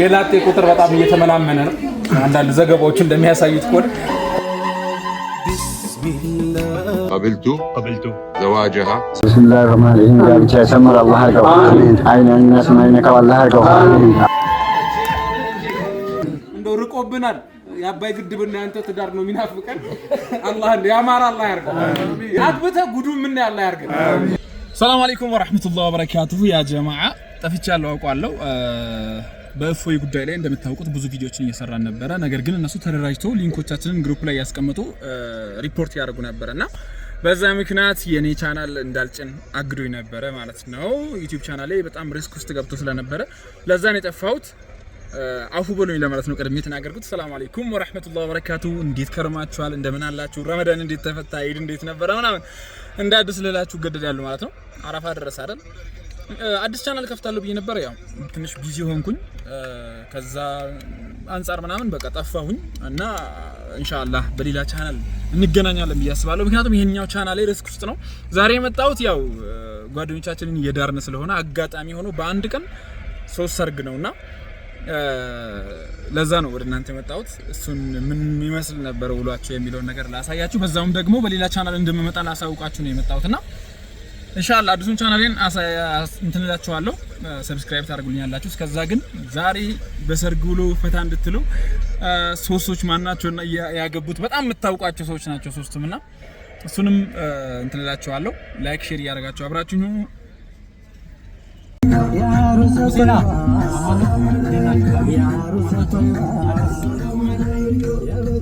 የላጤ ቁጥር በጣም እየተመናመነ ነው። አንዳንድ ዘገባዎች እንደሚያሳዩት ከሆነ ቀብልቱ ብስሚላ ረማን ጋብቻ አርገው አርገው እንደው ርቆብናል። የአባይ ግድብና ያንተ ትዳር ነው የሚናፍቀን። አላህ ያማረ አላ ያርገው። አግብተ ጉዱ ምን ያላ ያርገን። ሰላም አለይኩም ወራህመቱላሂ ወበረካቱሁ። ያ ጀማዓ ጠፍቻለሁ አውቃለሁ። በእፎይ ጉዳይ ላይ እንደምታውቁት ብዙ ቪዲዮችን እየሰራን ነበረ። ነገር ግን እነሱ ተደራጅተው ሊንኮቻችንን ግሩፕ ላይ ያስቀምጡ ሪፖርት ያደርጉ ነበረ እና በዛ ምክንያት የኔ ቻናል እንዳልጭን አግዶኝ ነበረ ማለት ነው። ዩቲዩብ ቻናል ላይ በጣም ሪስክ ውስጥ ገብቶ ስለነበረ ለዛ የጠፋውት የጠፋሁት። አፉ በሉኝ ለማለት ነው ቅድሜ የተናገርኩት። ሰላም አለይኩም ወራህመቱላሂ ወበረካቱ። እንዴት ከርማችኋል? እንደምን አላችሁ? ረመዳን እንዴት ተፈታ? ሄድ እንዴት ነበረ? ምናምን እንደ አዲስ ልላችሁ ገደዳሉ ማለት ነው። አረፋ ደረሰ አይደል? አዲስ ቻናል ከፍታለሁ ብዬ ነበር። ያው ትንሽ ቢዚ ሆንኩኝ፣ ከዛ አንጻር ምናምን በቃ ጠፋሁኝ እና ኢንሻአላህ በሌላ ቻናል እንገናኛለን ብዬ አስባለሁ። ምክንያቱም ይሄኛው ቻናል ላይ ሪስክ ውስጥ ነው ዛሬ የመጣሁት። ያው ጓደኞቻችንን እየዳርን ስለሆነ አጋጣሚ ሆኖ በአንድ ቀን ሶስት ሰርግ ነውና ለዛ ነው ወደ እናንተ የመጣሁት። እሱን ምን ይመስል ነበር ውሏቸው የሚለውን ነገር ላሳያችሁ፣ በዛውም ደግሞ በሌላ ቻናል እንደምመጣ ላሳውቃችሁ ነው የመጣሁትና ኢንሻአላ አዲሱን ቻናሌን እንትንላችኋለሁ ሰብስክራይብ ታደርጉልኛላችሁ። እስከዛ ግን ዛሬ በሰርግ ውሎ ፈታ እንድትሉ ሶስት ሰዎች ማናቸውና ያገቡት በጣም የምታውቋቸው ሰዎች ናቸው ሶስቱም እና እሱንም እንትንላችኋለሁ። ላይክ ሼር እያደረጋችሁ አብራችሁኝ ሁኑ።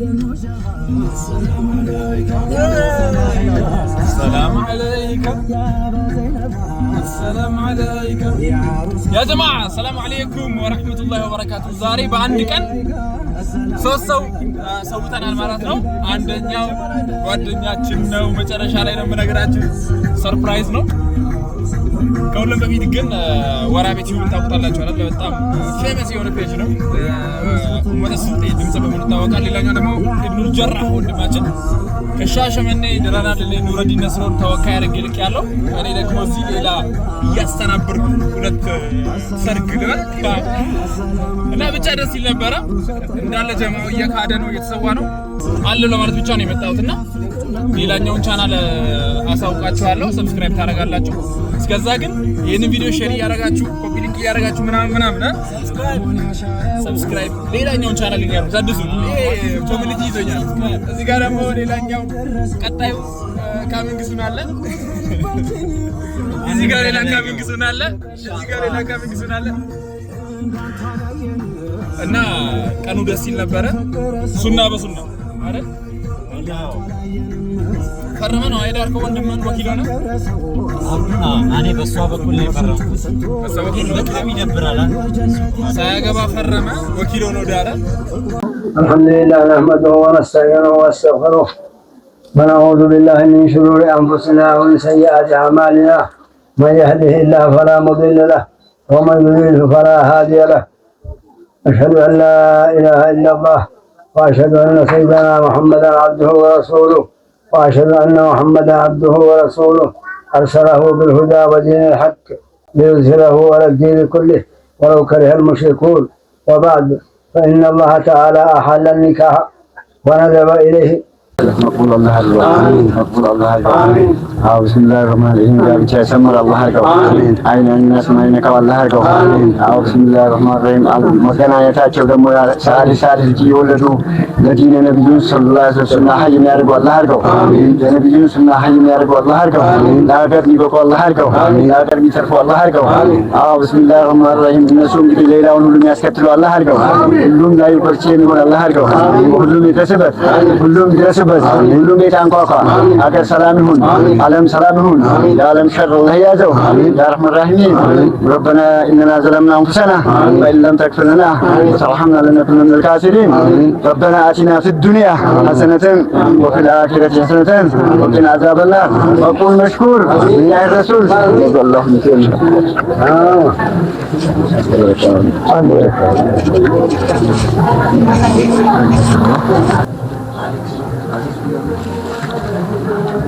ሰላም አለይከ ሰላም ያ ጀማ ሰላም አለይኩም ወራህመቱላሂ ወበረካቱ። ዛሬ በአንድ ቀን ሶስት ሰው ሰውተናል ማለት ነው። አንደኛው ጓደኛችን ነው። መጨረሻ ላይ ነው የምነግራችሁ፣ ሰርፕራይዝ ነው። ከሁሉም በፊት ግን ወራ ቤት ዩቲዩብ ታውቁታላችሁ አይደል? በጣም ፌመስ የሆነ ፔጅ ነው። ወደሱ ድምጽ በምን ይታወቃል። ሌላኛው ደግሞ ኢብኑል ጀራ ወንድማችን ከሻሸመኔ ደራና ለሌ ኑረዲን ነስሮን ተወካይ አድርጌ ልክ ያለው እኔ ደግሞ እዚህ ሌላ እያስተናበርኩ ሁለት ሰርግ እና ብቻ ደስ ይል ነበረ። እንዳለ ጀማው እየካደ ነው እየተሰዋ ነው አለ ለማለት ብቻ ነው የመጣሁትና ሌላኛውን ቻናል አሳውቃችኋለሁ። ሰብስክራይብ ታደርጋላችሁ እስከዛ ከዛ ግን ይህንን ቪዲዮ ሼር እያደረጋችሁ ኮፒ ሊንክ እያደረጋችሁ ምናምን ምናምን ሰብስክራይብ፣ ሌላኛውን ቻናል ያሉ ታድሱ ኮሚኒቲ ይዞኛል። እዚህ ጋር ደግሞ ሌላኛው ቀጣዩ ካሚንግሱን አለ። እዚህ ጋር ሌላ ካሚንግሱን አለ። እዚህ ጋር ሌላ ካሚንግሱን አለ እና ቀኑ ደስ ይል ነበረ። ሱና በሱና አይደል ከረመ ነው አይደል ወንድምህን ወኪል ሆነ። እኔ በእሷ በኩል ነው የፈረምኩት። በጣም ይደብራል። ሳያገባ ፈረመ ወኪል ሆኖ ዳረ። አልሐምዱሊላህ ነሕመዱሁ ወነስተዒኑሁ ወነስተግፊሩህ ونعوذ بالله من شرور أنفسنا ومن سيئات أعمالنا من يهده الله فلا مضل له ومن يضلل فلا هادي له أشهد أن لا إله إلا الله وأشهد أن سيدنا محمدا عبده ورسوله وأشهد أن محمدا عبده ورسوله أرسله بالهدى ودين الحق ليظهره على الدين كله ولو كره المشركون وبعد فإن الله تعالى أحل النكاح وندب إليه መቅቡል አላህ አድርገው። አሜን። መቅቡል አላህ አድርገው። አሜን። አዎ ቢስሚላሂ ረህማን ረሂም ጋብቻ ያሰምር አላህ አድርገው። አሜን። መገናኘታቸው ደግሞ ሳሊ ሳሊ ልጅ የወለዱ ለዲነ ነብዩን ሰለላሁ ዐለይሂ ወሰለም ሱና ሀይ የሚያደርገው አላህ አድርገው። አሜን። ለነብዩን ሱና ሀይ የሚያደርገው አላህ አድርገው። አሜን። ለሀገር የሚበቁ አላህ አድርገው። አሜን። ለሀገር የሚተርፉ አላህ አድርገው። አሜን። አዎ ቢስሚላሂ ረህማን ረሂም እነሱ እንግዲህ ሌላውን ሁሉም ያስከትለው አላህ አድርገው። ሁሉም ላይ ኮርቼ የሚሆን አላህ አድርገው። ሁሉም ይድረስበት፣ ሁሉም ይድረስበት አበዝ ሁሉ ቤት አንኳኳ ሀገር ሰላም ይሁን ዓለም ሰላም ይሁን ለዓለም ሸር الله يعزው يا رحمن الرحيم ربنا إننا ظلمنا أنفسنا وإن لم تغفر لنا وترحمنا لنكن من الكافرين ربنا آتنا في الدنيا حسنة وفي الآخرة حسنة وقنا عذاب النار وقول مشكور يا الرسول صلى الله عليه وسلم Thank you.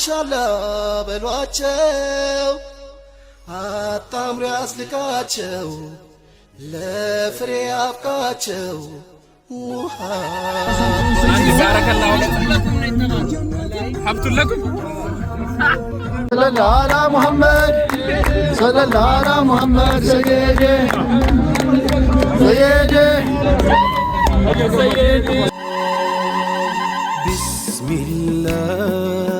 አሻለው በሏቸው አጣምሮ ያስልቃቸው ለፍሬ አብቃቸው ውሃ سيدي سيدي سيدي بسم الله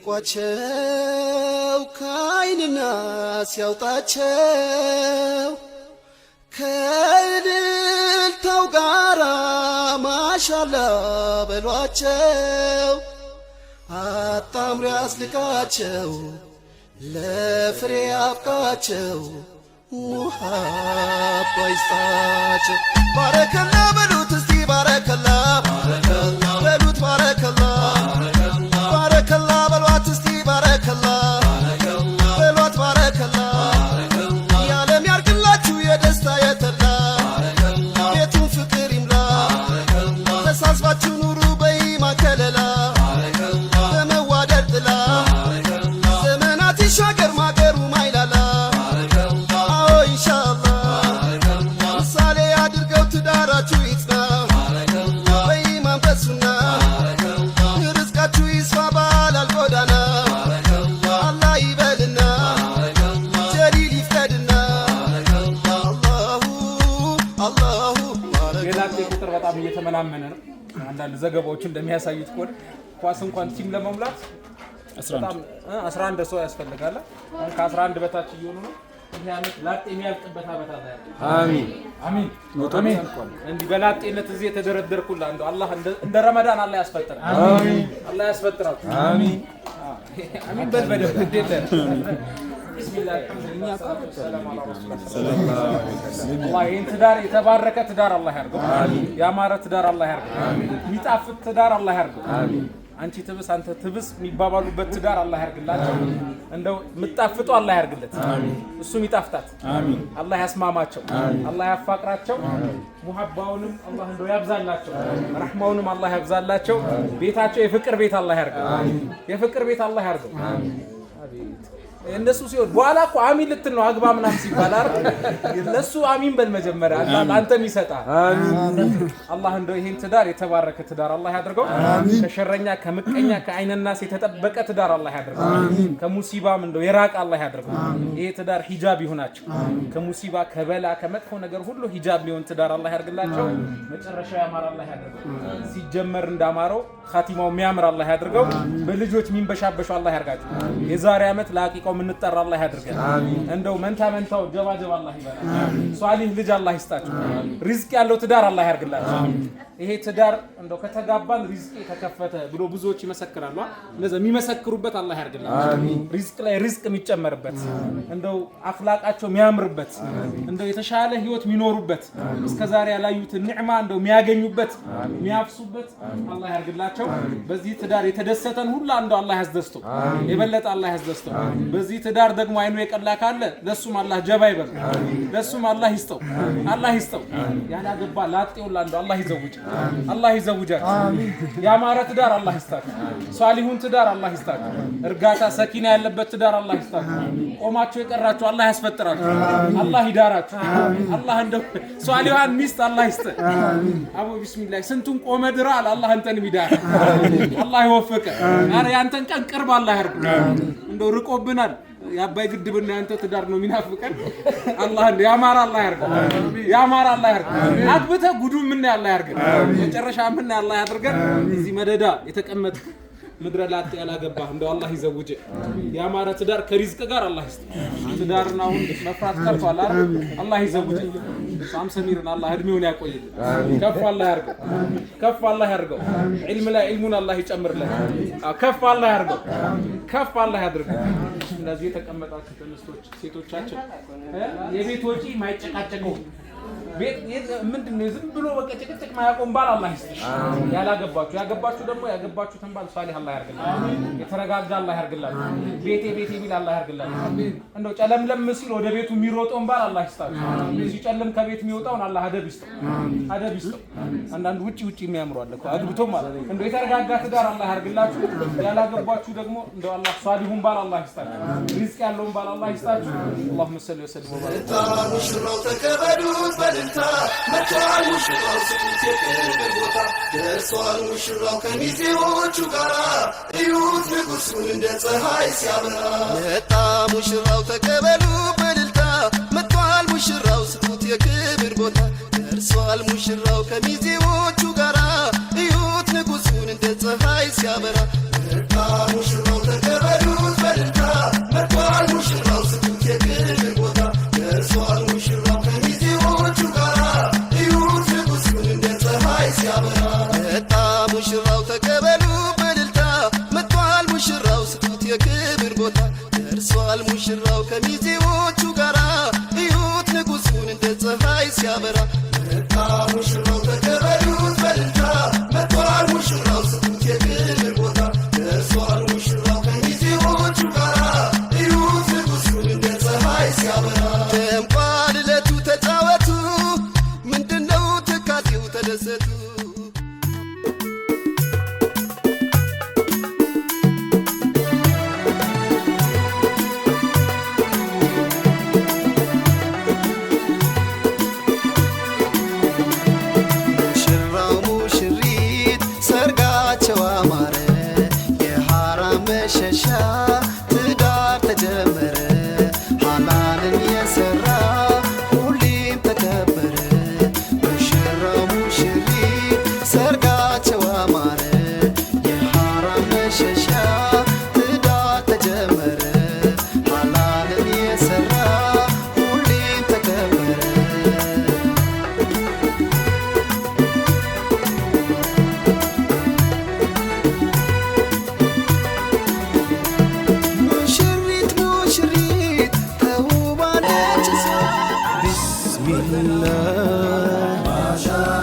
ሲርቋቸው ከአይንና ሲያውጣቸው ከእልልታው ጋራ ማሻላ በሏቸው አጣምሮ ያስልቃቸው ለፍሬ አብቃቸው ሙሃባ ይስጣቸው ባረከላ በሉት እስቲ ባረከላ መረጃዎቹ እንደሚያሳዩት ከሆነ ኳስ እንኳን ቲም ለመሙላት 11 ሰው ያስፈልጋል። ከ11 በታች እየሆኑ ነው። ላጤ በላጤነት እዚህ የተደረደርኩላ እንደ ረመዳን አላህ ያስፈጥራል። አላህ ያስፈጥራል። አሚን በል በደምብ ይህን ትዳር የተባረከ ትዳር አላህ ያርገው ያማረ ትዳር አላህ ያርገው የሚጣፍጥ ትዳር አላህ ያርገው አንቺ ትብስ አንተ ትብስ የሚባባሉበት ትዳር አላህ ያርግላቸው። እንደው የምጣፍጡ አላህ ያርግለት፣ እሱም ይጣፍጣት። አላህ ያስማማቸው፣ አላህ ያፋቅራቸው። ሙሀባውንም አላህ እንደው ያብዛላቸው፣ ረህማውንም አላህ ያብዛላቸው። ቤታቸው የፍቅር ቤት አላህ ያርገው። የፍቅር ቤት አላህ ያርገው። እንደሱ ሲሆን በኋላ እኮ አሚን ልትል ነው አግባ ምናምን ሲባል አይደል? ለሱ አሚን በል መጀመሪያ። አንተም ይሰጣል። አላህ እንደው ይሄን ትዳር የተባረከ ትዳር አላህ ያድርገው። ከሸረኛ ከምቀኛ ከአይነናስ የተጠበቀ ትዳር አላህ ያድርገው። ከሙሲባም እንደው የራቅ አላህ ያድርገው። ይሄ ትዳር ሂጃብ ይሆናቸው። ከሙሲባ ከበላ ከመጥፎ ነገር ሁሉ ሂጃብ ሊሆን ትዳር አላህ ያድርግላቸው። መጨረሻ ያማር አላህ ያድርገው። ሲጀመር እንዳማረው ኻቲማው የሚያምር አላህ ያድርገው። በልጆች የሚንበሻበሸው አላህ ያርጋቸው። የዛሬ ዓመት ለአቂቃ ለሚያውቀው የምንጠራ አላህ ያድርገን። እንደው መንታ መንታው ጀባ ጀባ አላህ ይበላል። ሷሊህ ልጅ አላህ ይስጣችሁ። ሪዝቅ ያለው ትዳር አላህ ያድርግላችሁ። ይሄ ትዳር እንደው ከተጋባን ሪዝቅ ተከፈተ ብሎ ብዙዎች ይመሰክራሉ። እነዚያ የሚመሰክሩበት አላህ ያድርግላችሁ። ሪዝቅ ላይ ሪዝቅ የሚጨመርበት እንደው አፍላቃቸው የሚያምርበት እንደው የተሻለ ህይወት የሚኖሩበት እስከዛሬ ያላዩትን ኒዕማ እንደው የሚያገኙበት የሚያፍሱበት አላህ ያርግላቸው። በዚህ ትዳር የተደሰተን ሁላ እንደው አላህ ያስደስተው፣ የበለጠ አላህ ያስደስተው። በዚህ ትዳር ደግሞ አይኑ የቀላ ካለ ለሱም አላህ ጀባ ይበል፣ ለሱም አላህ ይስጠው፣ አላህ ይስጠው። ያላገባ ላጤው ላለው አላህ ይዘውጅ፣ አላህ ይዘውጃችሁ። ያማረ ትዳር አላህ ይስጣችሁ። ሷሊሁን ትዳር አላህ ይስጣችሁ። እርጋታ ሰኪና ያለበት ትዳር አላህ ይስጣችሁ። ቆማችሁ የቀራችሁ አላህ ያስፈጥራችሁ፣ አላህ ይዳራችሁ። አላህ እንደ ሷሊሁን ሚስት አላህ ይስጥ። አቡ ቢስሚላህ ስንቱን ቆመ ድራል። አላህ አንተንም ይዳር፣ አላህ ይወፍቀ። ያንተን ቀን ቅርብ አላህ ያርግ። እንደው ርቆብናል የአባይ ግድብና ያንተ ትዳር ነው የሚናፍቀን። አላህ እንደ ያማራ አላህ ያርገን፣ ያማራ አላህ ያርገን። አግብተህ ጉዱ ምን ያላህ ያርገን፣ መጨረሻ ምን ያላህ ያድርገን። እዚህ መደዳ የተቀመጥክ ምድረ ላጥ ያላገባህ እንደው አላህ ይዘውጀ ያማረ ትዳር ከሪዝቅ ጋር አላህ ይስጥ። ትዳርን አሁን መፍራት ከርቷል አይደል? አላህ ይዘውጀ ይዘውጅ። ሳምሰሚርን አላህ እድሜውን ያቆይልን። ከፍ አላህ ያርገው፣ ከፍ አላህ ያርገው። ዒልም ላይ ዒልሙን አላህ ይጨምርልን። ከፍ አላህ ያርገው፣ ከፍ አላህ ያድርገው። እንደዚህ የተቀመጣችሁ ተነስቶች ሴቶቻችን የቤት ወጪ ማይጨቃጨቀው ምንድን ነው ዝም ብሎ በቃ ጭቅጭቅ ማያቆም ባል አላህ ይስጥሽ። ያላገባችሁ ያገባችሁ ደግሞ ያገባችሁትን ባል ሷሊህ አላህ ያርግላችሁ፣ የተረጋጋ አላህ ያርግላችሁ፣ ቤቴ ቤቴ ቢል አላህ ያርግላችሁ። እንደው ጨለምለም ሲል ወደ ቤቱ የሚሮጠውን ባል አላህ ይስጣችሁ። ሲጨልም ከቤት የሚወጣውን አላህ አደብ ይስጠው፣ አደብ ይስጠው። አንዳንድ ውጭ ውጭ የሚያምሩ አለ አግብቶ ማለት እንደው የተረጋጋ ትዳር አላህ ያርግላችሁ። ያላገባችሁ ደግሞ እንደው አላህ ሷሊሁን ባል አላህ ይስጣችሁ፣ ሪዝቅ ያለውን ባል አላህ ይስጣችሁ። اللهم صل وسلم وبارك ፈገግታ መጥቷል ሙሽራው ስንት የቅርብ ቦታ ደርሷል ሙሽራው ከሚዜዎቹ ጋራ እዩት ንጉሱን እንደ ፀሐይ ሲያበራ መጣ ሙሽራው ተቀበሉ በልልታ መጥቷል ሙሽራው ስኩት የክብር ቦታ ደርሷል ሙሽራው ከሚዜዎቹ ጋራ እዩት ንጉሱን እንደ ፀሐይ ሲያበራ መጣ ሙሽራው ተቀበሉ ተደሰቱ الله ما شاء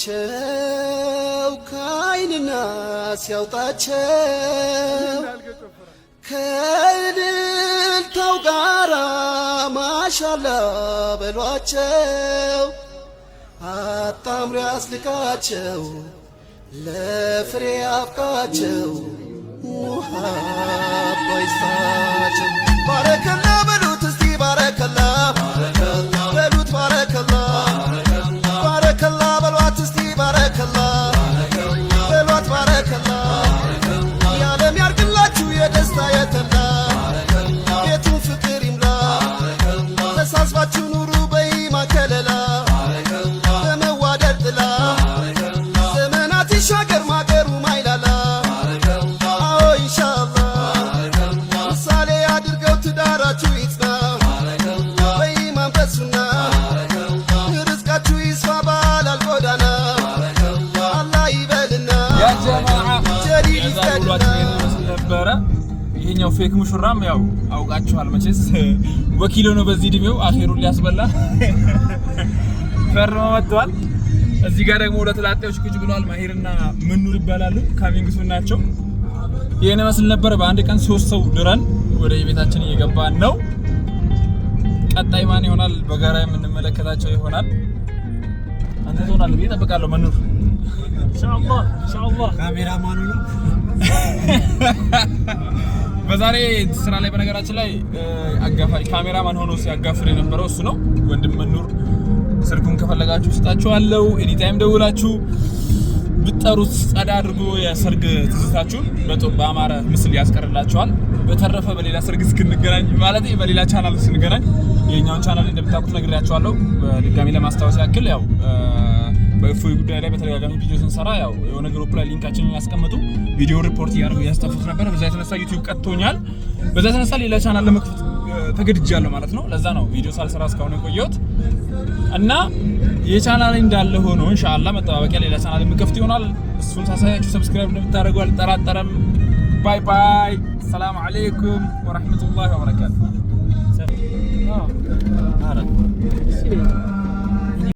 ሲያስገቧቸው ከአይንና ሲያውጣቸው ከእልልታው ጋራ ማሻላ በሏቸው አጣምሮ ያስልቃቸው ለፍሬ አብቃቸው ሙሀባ ይስጣቸው ባረከላ በሉት እስቲ ባረከላ ይሄኛው ፌክ ሙሽራም ያው አውቃችኋል መቼስ ወኪል ነው በዚህ እድሜው አኼሩን ሊያስበላ ፈርሞ መጥቷል። እዚህ ጋር ደግሞ ሁለት ላጤዎች ቁጭ ብለዋል። ማሂርና ምኑር ይባላሉ። ካሚንግሱ ናቸው። ይሄን መስል ነበር። በአንድ ቀን ሶስት ሰው ድረን ወደ ቤታችን እየገባን ነው። ቀጣይ ማን ይሆናል? በጋራ የምንመለከታቸው ይሆናል። አንተ ትሆናለህ ብዬ እጠብቃለሁ። መኑር ኢንሻአላህ ኢንሻአላህ ካሜራማኑ ነው። በዛሬ ስራ ላይ በነገራችን ላይ አጋፋሪ ካሜራማን ሆኖ ሲያጋፍር የነበረው እሱ ነው። ወንድም መኑር ስልኩን ከፈለጋችሁ ስጣችኋለሁ። ኤኒታይም ደውላችሁ ብጠሩት ጸዳ አድርጎ የሰርግ ትዝታችሁን በአማረ ምስል ያስቀርላችኋል። በተረፈ በሌላ ሰርግ እስክንገናኝ ማለት በሌላ ቻናል እስክንገናኝ የኛውን ቻናል እንደምታውቁት ነግሬያችኋለሁ። በድጋሚ ለማስታወስ ያክል ያው በእፎይ ጉዳይ ላይ በተደጋጋሚ ቪዲዮ ስንሰራ ያው የሆነ ግሩፕ ላይ ሊንካችንን ያስቀምጡ ቪዲዮ ሪፖርት እያደረጉ እያስጠፉት ነበር። በዛ የተነሳ ዩቲዩብ ቀጥቶኛል። በዛ የተነሳ ሌላ ቻናል ለመክፈት ተገድጃለሁ ማለት ነው። ለዛ ነው ቪዲዮ ሳልሰራ እስካሁን የቆየሁት እና ይህ ቻናል እንዳለ ሆኖ እንሻላ መጠባበቂያ ሌላ ቻናል የምከፍት ይሆናል። እሱን ሳሳያችሁ ሰብስክራይብ እንደምታደርጉ አልጠራጠረም። ባይ ባይ። ሰላም አለይኩም ወራህመቱላሂ ወበረካቱ።